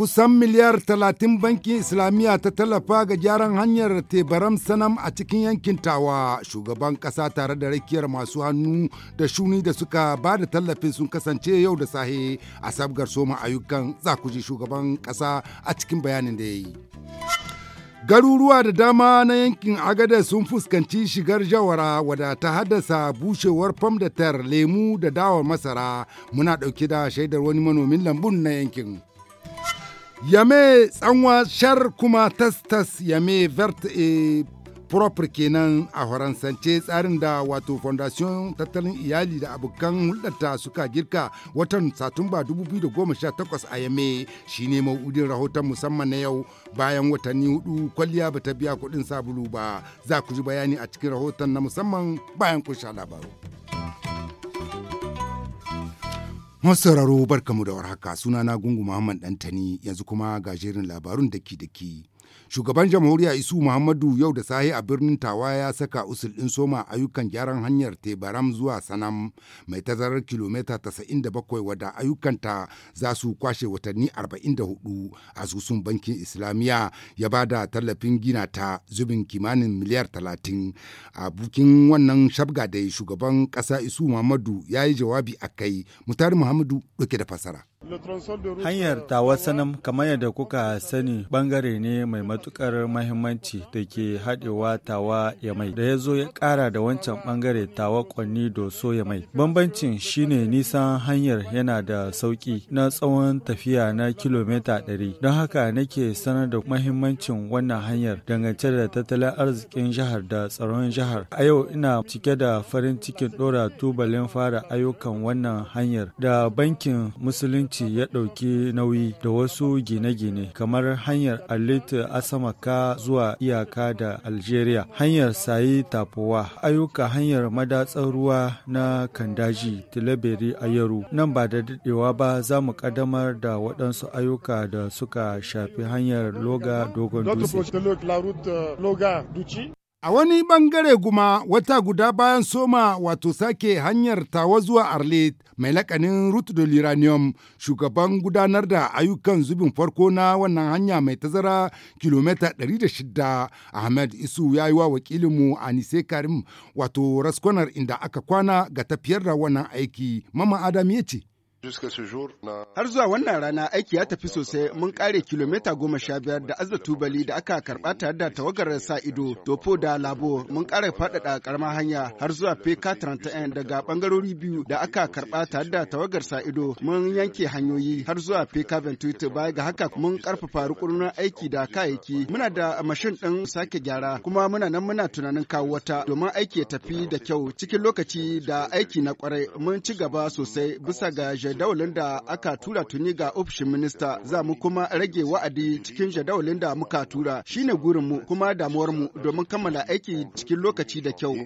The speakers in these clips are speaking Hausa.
kusan miliyar talatin bankin islamiyya ta tallafa ga gyaran hanyar tebaram sanam a cikin yankin tawa shugaban kasa tare da rakiyar masu hannu da shuni da suka ba da tallafin sun kasance yau da sahe a sabgar soma ayyukan zakuji shugaban kasa a cikin bayanin da ya yi garuruwa da dama na yankin agada sun fuskanci shigar jawara wada ta haddasa bushewar fam da tar lemu da dawa masara muna dauke da shaidar wani manomin lambun na yankin Yame tsanwa shar kuma tas-tas yame vert e proper kenan a faransance tsarin da wato fondation tattalin iyali da abokan hulɗarta suka girka watan satumba 2018 a yame shine ma'udin rahoton musamman na yau bayan watanni hudu kwalliya ba ta biya kuɗin sabulu ba za ku ji bayani a cikin rahoton na musamman bayan kun sha labaru. Masauraro barkamu da warhaka sunana Gungu Muhammad ɗantani yanzu kuma ga jerin labarun daki-daki. Shugaban jamhuriya Isu Muhammadu yau da sahi a birnin Tawa ya saka usul ɗin soma ayyukan gyaran hanyar Tebaram zuwa Sanam mai tazarar kilomita 97 wadda ayyukanta za su kwashe watanni 44 asusun bankin Islamiyya ya ba da tallafin gina ta zubin kimanin miliyar 30 a bukin wannan shabga da shugaban ƙasa Isu Muhammadu ya yi jawabi a kai Mutari Muhammadu ɗauke da fasara. Hanyar Tawasanam kamar yadda kuka sani bangare ne mai matukar mahimmanci da ke haɗewa tawa ya mai da ya zo ya ƙara da wancan bangare tawa kwanni doso ya mai. Bambancin shine nisan hanyar yana da sauƙi na tsawon tafiya na kilomita 100 don haka nake sanar da mahimmancin wannan hanyar dangance da tattalin arzikin jihar da tsaron jihar. A yau ina cike da farin cikin ɗora tubalin fara ayyukan wannan hanyar da bankin musulunci Musulunci ya ɗauki nauyi da wasu gine-gine kamar hanyar Alit Asamaka zuwa iyaka da Algeria, hanyar Sayi Tafowa, ayyuka hanyar madatsar ruwa na Kandaji, a Ayaru. Nan ba da daɗewa ba za mu ƙaddamar da waɗansu ayyuka da suka shafi hanyar Loga Dogon Dutse. A wani bangare kuma wata guda bayan soma wato sake hanyar tawa zuwa Arlit mai lakanin Route de l'Uranium shugaban gudanar da ayyukan zubin farko na wannan hanya mai tazara kilomita 106 Ahmed Isu ya yi wa wakilinmu Anise Karim wato raskonar inda aka kwana ga tafiyar da wannan aiki. Mama Adam ya ce. Har zuwa wannan rana aiki ya tafi sosai mun kare kilomita goma sha biyar da azza tubali da aka karba tare da tawagar sa ido topo da labo mun kare faɗaɗa karama hanya har zuwa pk 31 daga ɓangarori biyu da aka karɓa tare da tawagar sa ido mun yanke hanyoyi har zuwa pk 28 baya ga haka mun karfafa rukunin aiki da kayayyaki muna da mashin ɗin sake gyara kuma muna nan muna tunanin kawo wata domin aiki ya tafi da kyau cikin lokaci da aiki na kwarai mun ci gaba sosai bisa ga jadawalin da aka tura tuni ga ofishin minista za mu kuma rage wa'adi cikin jadawalin da muka tura shine gurinmu kuma damuwar mu domin kammala aiki cikin lokaci da kyau.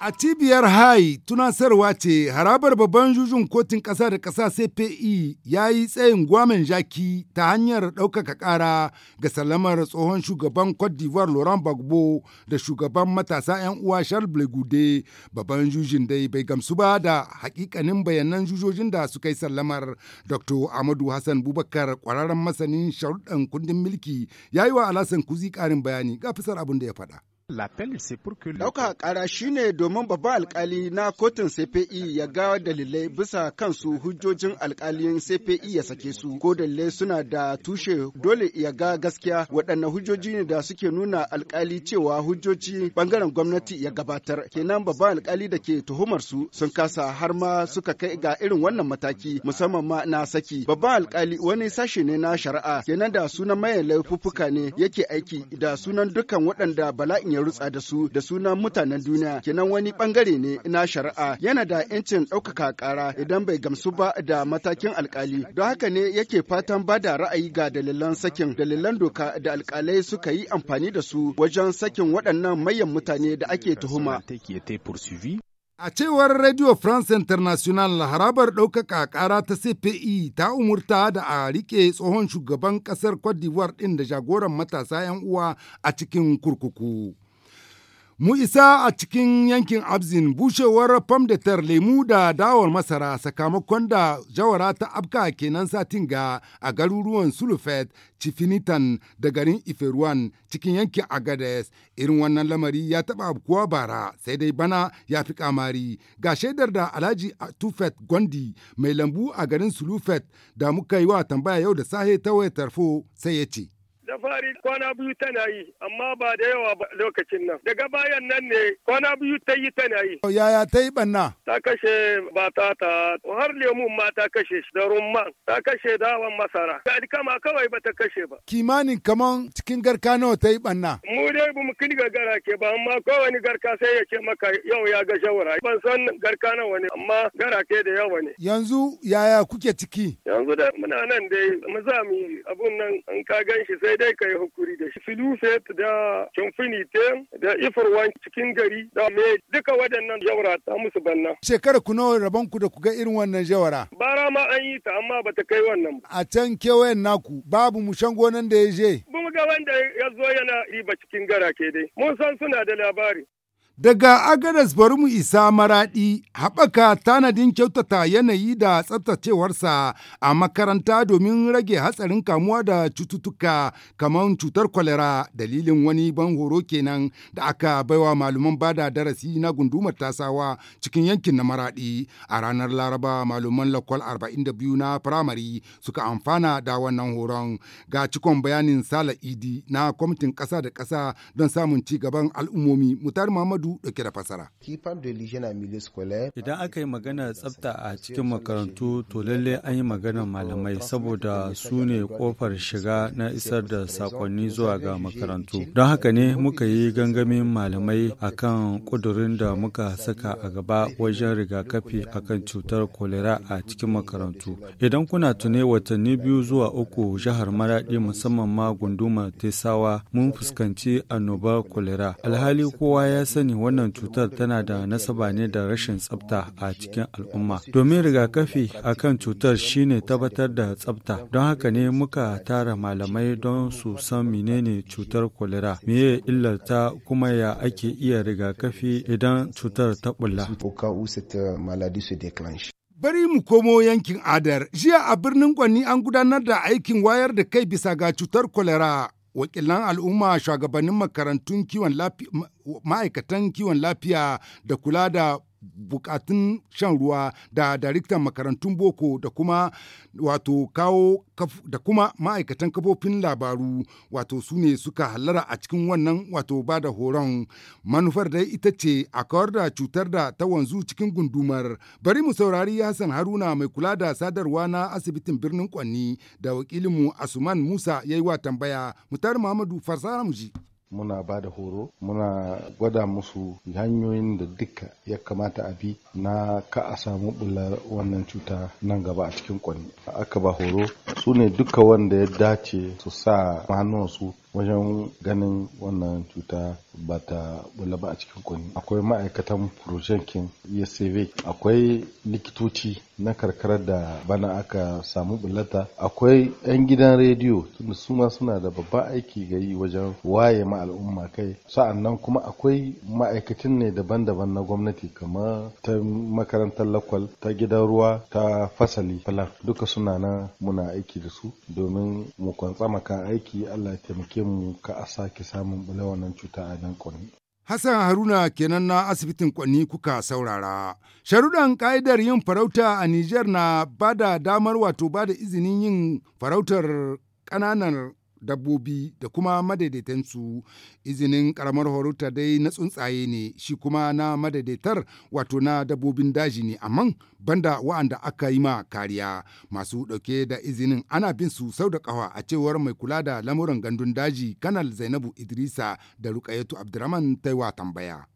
a cibiyar hai tunasarwa ce harabar babban jujun kotun ƙasa da ƙasa CPE ya yi tsayin gwamen jaki ta hanyar ɗaukaka ƙara ga sallamar tsohon shugaban cote d'ivoire laurent gbagbo da shugaban matasa 'yan uwa charles blegude babban jujin dai bai gamsu ba da hakikanin bayanan jujojin da suka yi sallamar dr amadu hassan bubakar ƙwararren masanin sharuɗan kundin mulki ya yi wa alasan kuzi ƙarin bayani ga fisar abin da ya faɗa. Ɗauka ƙara ne domin babban alkali na kotun CPI e ya ga dalilai bisa kansu hujjojin alkalin CPI e ya sake su ko dalilai suna da tushe dole ya ga gaskiya waɗanne hujjoji ne da suke nuna alkali cewa hujjoji bangaren gwamnati ya gabatar kenan babban alkali da ke tuhumar su sun kasa har ma suka kai ga irin wannan mataki musamman ma na saki babban alkali wani sashe ne na shari'a kenan da sunan mayan laifuffuka ne yake aiki da sunan dukkan waɗanda bala'in ya rutsa da su da sunan mutanen duniya kenan wani bangare ne na shari'a yana da 'yancin ɗaukaka ƙara idan bai gamsu ba da matakin alkali don haka ne yake fatan ba da ra'ayi ga dalilan sakin dalilan doka da alkalai suka yi amfani da su wajen sakin waɗannan mayan mutane da ake tuhuma. A cewar Radio France International harabar ɗaukaka ƙara ta CPI e ta umurta da a rike tsohon shugaban ƙasar Cote d'Ivoire ɗin da jagoran matasa 'yan uwa a cikin kurkuku. Mu isa a cikin yankin Abzin bushewar tar lemu da dawar masara sakamakon da jawara ta afka kenan satin ga a garuruwan Sulufet, Cifinitan da garin Iferuwan cikin yankin Agades. Irin wannan lamari ya taɓa kuwa bara sai dai bana ya fi kamari. Ga shaidar da Alhaji Tufet Gondi mai lambu a garin Sulufet da muka yi wa tambaya yau da sahe ta wayar sai ya ce. da fari kwana biyu tana yi amma ba da yawa ba lokacin nan daga bayan nan ne kwana biyu ta yi tana yi yaya ta yi banna ta kashe batata har lemu ma ta kashe da rumman ta kashe dawan masara ga kama kawai ba ta kashe ba kimanin kaman cikin garka nawa ta yi banna mu dai bamu kirga gara ke ba amma kowane garka sai ya ce maka yau ya ga shawara ban san garka nawa ne amma gara ke da yawa ne yanzu yaya kuke ciki yanzu da muna nan dai mu za mu abun nan an ka gan shi sai dai ka yi hukuri da shi. Filuset da Shimfinite da ifarwan cikin gari da me duka waɗannan jawara ta musu banna. Shekara ku nawa rabon ku da ku ga irin wannan jawara? Bara ma an yi ta amma bata kai wannan ba. A can kewayen naku babu mushan gonan da ya je. Mun ga wanda ya zo yana riba cikin gara ke dai. Mun san suna da labari. Daga agaras bari mu isa maraɗi haɓaka tanadin kyautata yanayi da tsaftacewarsa a makaranta domin rage hatsarin kamuwa da cututtuka kamar cutar kwalera dalilin wani ban horo kenan da aka baiwa malaman bada darasi na gundumar tasawa cikin yankin na maraɗi a ranar laraba malaman lakwal 42 na firamare suka amfana da wannan horon ga cikon bayanin sala idi na kwamitin ƙasa da ƙasa don samun ci gaban al'ummomi mutar muhammadu hudu dauke da fasara. Idan aka yi magana tsafta a cikin makarantu to lalle an yi magana malamai saboda su ne kofar shiga na isar da sakonni zuwa ga makarantu. Don haka ne muka yi gangamin malamai akan kudurin da muka saka a gaba wajen rigakafi akan cutar kolera a cikin makarantu. Idan kuna tune watanni biyu zuwa uku jihar Maradi musamman ma gunduma Tesawa mun fuskanci annobar kolera. Alhali kowa ya sani wannan cutar tana da nasaba ne da rashin tsafta a cikin al'umma. Domin rigakafi a kan cutar shine tabbatar da tsafta. Don haka ne muka tara malamai don su san menene cutar kwalera, meye illarta kuma ya ake iya rigakafi idan cutar ta bulla. Euh, Bari mu komo yankin Adar, jiya a birnin Kwanni an gudanar da aikin wayar da kai bisa ga cutar kwalera. wakilan al'umma shugabannin makarantun kiwon lafiya ma'aikatan kiwon lafiya da kula da bukatun shan ruwa da daraktan makarantun boko da kuma wato kawo da kuma ma'aikatan kafofin labaru wato su ne suka hallara a cikin wannan wato ba da horon manufar dai ita ce a kawar da cutar da ta wanzu cikin gundumar bari mu saurari hassan haruna mai kula da sadarwa na asibitin birnin kwanni da wakilinmu asuman musa ya yi wa tambaya mutar muhammadu farsara mu muna ba da horo muna gwada musu hanyoyin da duka ya kamata a bi na ka a samu bular wannan cuta nan gaba a cikin kwanni aka ba horo su ne duka wanda ya dace su sa hannuwansu wajen ganin wannan cuta ba ta bula ba a cikin kuni akwai ma'aikatan projenkin esv akwai likitoci na karkarar da bana aka samu bulata akwai 'yan gidan rediyo tunda su ma suna da babban aiki ga yi wajen waye ma al'umma kai nan kuma akwai ma'aikatan ne daban-daban na gwamnati kamar ta makarantar lakwal ta gidan ruwa ta fasali duka suna na muna aiki da su domin mu kwantsa kan aiki allah ya taimake mutum ka a sake samun bula wannan cuta a nan kwanni. Hassan Haruna kenan na asibitin kwanni kuka saurara. Sharuɗan ka'idar yin farauta a Nijar na bada damar wato bada izinin yin farautar ƙananan dabbobi da kuma madaidaitansu izinin karamar horota dai na tsuntsaye ne shi kuma na madaidaitar wato na dabbobin daji ne amma banda wa'anda aka yi ma kariya masu ɗauke da izinin ana bin su sau da ƙawa a cewar mai kula da lamuran gandun daji kanal zainabu idrisa da rukayatu abdurrahman taiwa tambaya.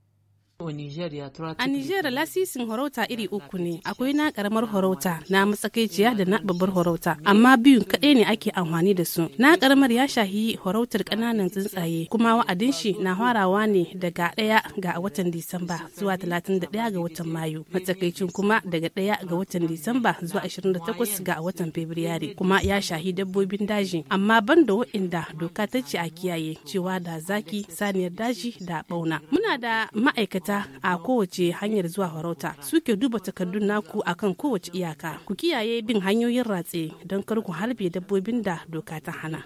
A Nijar lasisin horauta iri uku ne, akwai na karamar horauta, na matsakaiciya da na babbar horauta, amma biyu kaɗai ne ake amfani da su. Na karamar ya shahi horautar ƙananan tsuntsaye, kuma wa'adin shi na farawa ne daga ɗaya ga watan Disamba zuwa talatin da ɗaya ga watan Mayu, matsakaicin kuma daga ɗaya ga watan Disamba zuwa ashirin da takwas ga watan Fabrairu, kuma ya shahi dabbobin daji, amma ban da wa'inda doka ta ce a kiyaye cewa da zaki, saniyar daji da ɓauna. Muna da ma'aikata ma'aikata a kowace hanyar zuwa farauta suke duba takardun naku akan kowace iyaka ku kiyaye bin hanyoyin ratse don kar ku harbe dabbobin da doka ta hana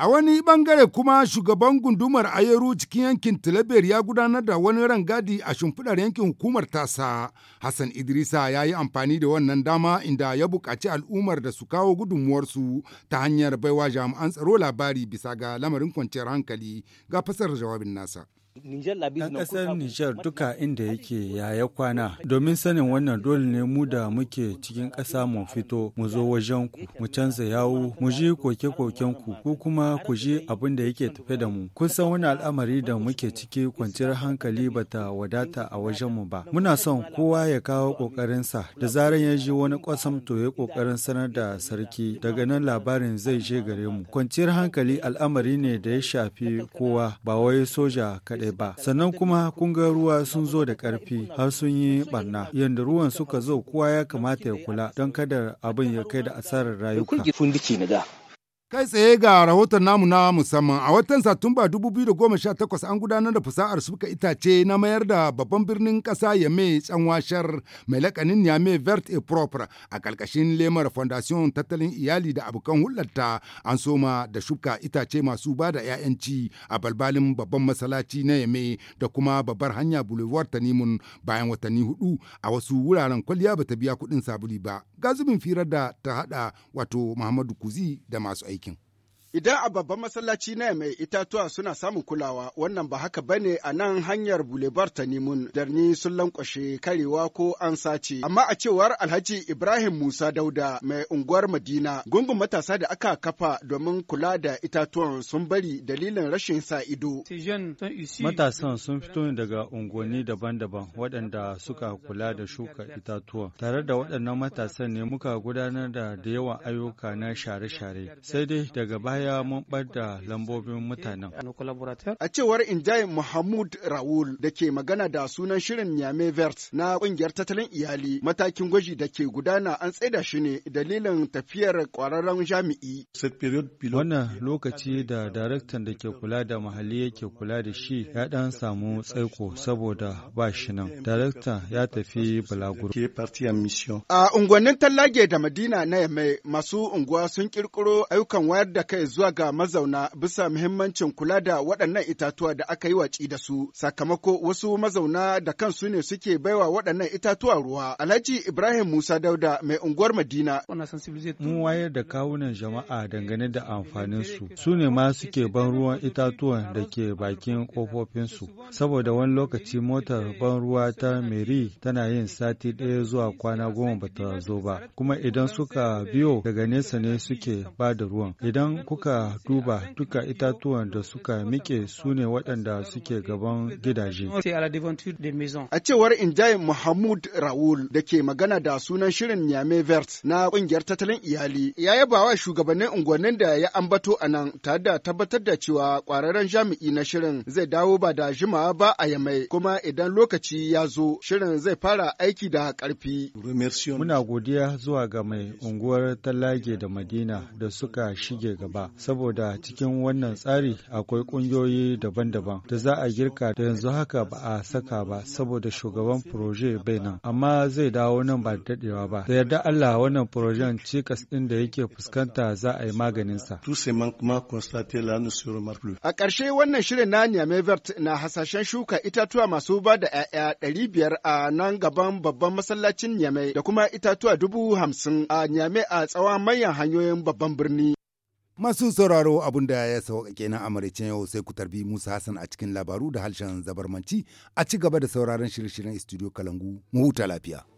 A wani bangare kuma shugaban gundumar Ayeru cikin yankin Tilabiyar ya gudanar da wani rangadi a shimfiɗar yankin hukumar tasa. Hassan Idrisa ya yi amfani da wannan dama inda ya buƙaci al'ummar da su kawo gudunmuwarsu ta hanyar baiwa jami'an tsaro labari bisa ga lamarin kwanciyar hankali ga fasar jawabin nasa. Ɗan ƙasar Nijar duka inda yake yaya kwana, domin sanin wannan dole ne mu da muke cikin ƙasa mu fito mu zo wajen ku, mu canza yawo, mu ji koke-koken ku, ko kuma ku ji abin da yake tafe da mu. Kun san wani al'amari da muke ciki kwanciyar hankali bata wadata a wajen mu ba. Muna son kowa ya kawo ƙoƙarinsa, da zaran ya ji wani ƙwasam to ya ƙoƙarin sanar da sarki, daga nan labarin zai je gare mu. Kwanciyar hankali al'amari ne da ya shafi kowa, ba wai soja kaɗai daɗe ba sannan kuma kun ga ruwa sun zo da ƙarfi har sun yi barna yadda ruwan suka zo kowa ya kamata ya kula don kada abin ya kai da asarar rayuka Kai tsaye ga rahoton namu na musamman a watan Satumba 2018 an gudanar da fasahar suka itace na mayar da babban birnin ƙasa Yame Tsanwashar mai lakanin Yame Vert e Propre a ƙarƙashin lemar Fondation Tattalin Iyali da abokan hulɗarta an soma da shuka itace masu ba da 'ya'yanci a balbalin babban masallaci na Yame da kuma babbar hanya Boulevard Tanimun bayan watanni hudu a wasu wuraren kwalliya bata biya kuɗin sabuli ba. ga zubin firar da ta haɗa wato Muhammadu Kuzi da masu aikin. Idan a babban masallaci na mai itatuwa suna samun kulawa wannan ba haka ba ne a nan hanyar bulebar ta Nimun darni sun lankwashe karewa ko an sace. Amma a cewar Alhaji Ibrahim Musa Dauda mai unguwar Madina gungun matasa da aka kafa domin kula da itatuwan sun bari dalilin rashin sa ido. Matasan sun fito ne daga unguwanni daban-daban waɗanda suka kula da shuka itatuwa. Tare da waɗannan matasan ne muka gudanar da da yawan ayyuka na share-share. Sai dai daga baya baya mun da lambobin mutanen. A cewar Injai Muhammad Rawul da ke magana da sunan shirin Nyame Vert na ƙungiyar tattalin iyali matakin gwaji da ke gudana an tsaida shi ne dalilin tafiyar ƙwararren jami'i. Wannan lokaci da daraktan da ke kula da mahalli yake kula da shi ya dan samu tsaiko saboda ba shi nan. Daraktan ya tafi bulaguro. A unguwannin Tallage da Madina na Yamai masu unguwa sun ƙirƙiro ayyukan wayar da kai zuwa ga mazauna bisa muhimmancin kula da waɗannan itatuwa da aka yi watsi da su sakamako wasu mazauna da kansu ne suke baiwa waɗannan itatuwa ruwa alhaji ibrahim musa dauda mai unguwar madina mun wayar da kawunan jama'a dangane da amfanin su su ne ma suke ban ruwan itatuwan da ke bakin kofofinsu saboda wani lokaci motar ban ruwa ta meri tana yin sati ɗaya zuwa kwana goma bata zo ba kuma idan suka biyo daga nesa ne suke ba da ruwan idan kuka kuka duba duka itatuwan da suka miƙe su ne waɗanda suke gaban gidaje. A cewar Injai Muhammad Raul da ke magana da sunan shirin Niame Vert na ƙungiyar tattalin iyali ya yaba wa shugabannin unguwannin da ya ambato a nan tare da tabbatar da cewa ƙwararren jami'i na shirin zai dawo ba da jimawa ba a yamai kuma idan lokaci ya zo shirin zai fara aiki da ƙarfi. Muna godiya zuwa ga mai unguwar talage da Madina da suka shige gaba saboda cikin wannan tsari akwai ƙungiyoyi daban-daban da za a girka da yanzu haka ba a saka ba saboda shugaban proje bai nan amma zai dawo nan ba dadewa daɗewa ba da yarda Allah wannan projen cikas ɗin da yake fuskanta za a yi maganinsa. A ƙarshe wannan shirin na mevert na hasashen shuka itatuwa masu ba da 'ya'ya ɗari biyar a nan gaban babban masallacin Niamey da kuma itatuwa dubu hamsin a Niamey a tsawon manyan hanyoyin babban birni. Masu sauraro abun da ya sauka kenan amuricin yau sai ku tarbi Musa Hassan a cikin labaru da harshen zabarmanci a ci gaba da sauraron shirye-shiryen Studio Kalangu mu huta lafiya.